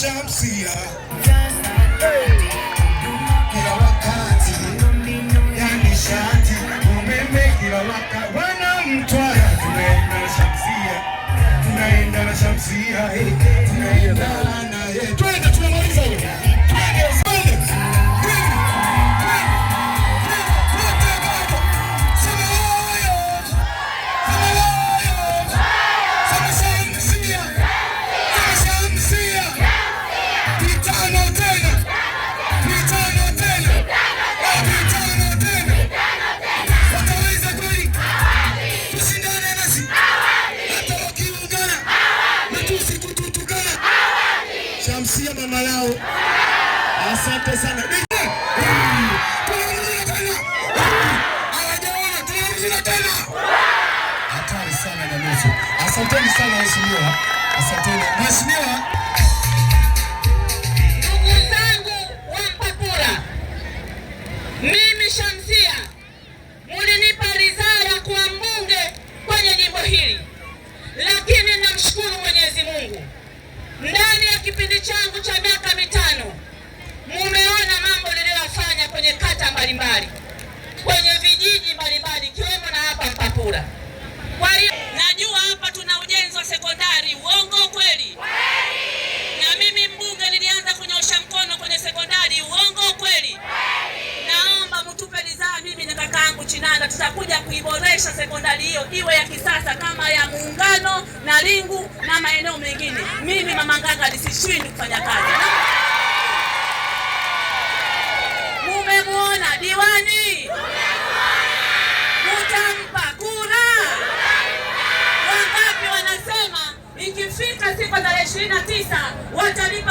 Shamsia, kila umeme, kila wakati wana Mtwara, tunaenda na Shamsia, tunaenda na Shamsia, tunaenda naye Malau, asante sana. Hatari sana na asanteni sana mheshimiwa, asanteni mheshimiwa. Ndugu zangu wa mimi Shamsia, mulinipa ridhaa kuwa mbunge kwenye jimbo hili, lakini namshukuru Mwenyezi Mungu ndani ya kipindi changu kuiboresha sekondari hiyo iwe ya kisasa kama ya Muungano na Lingu na maeneo mengine. Mimi Mama Nganga nisishindi kufanya kazi. Mumemwona diwani mutampa kura wangapi? Wanasema ikifika siku tarehe 29 watalipa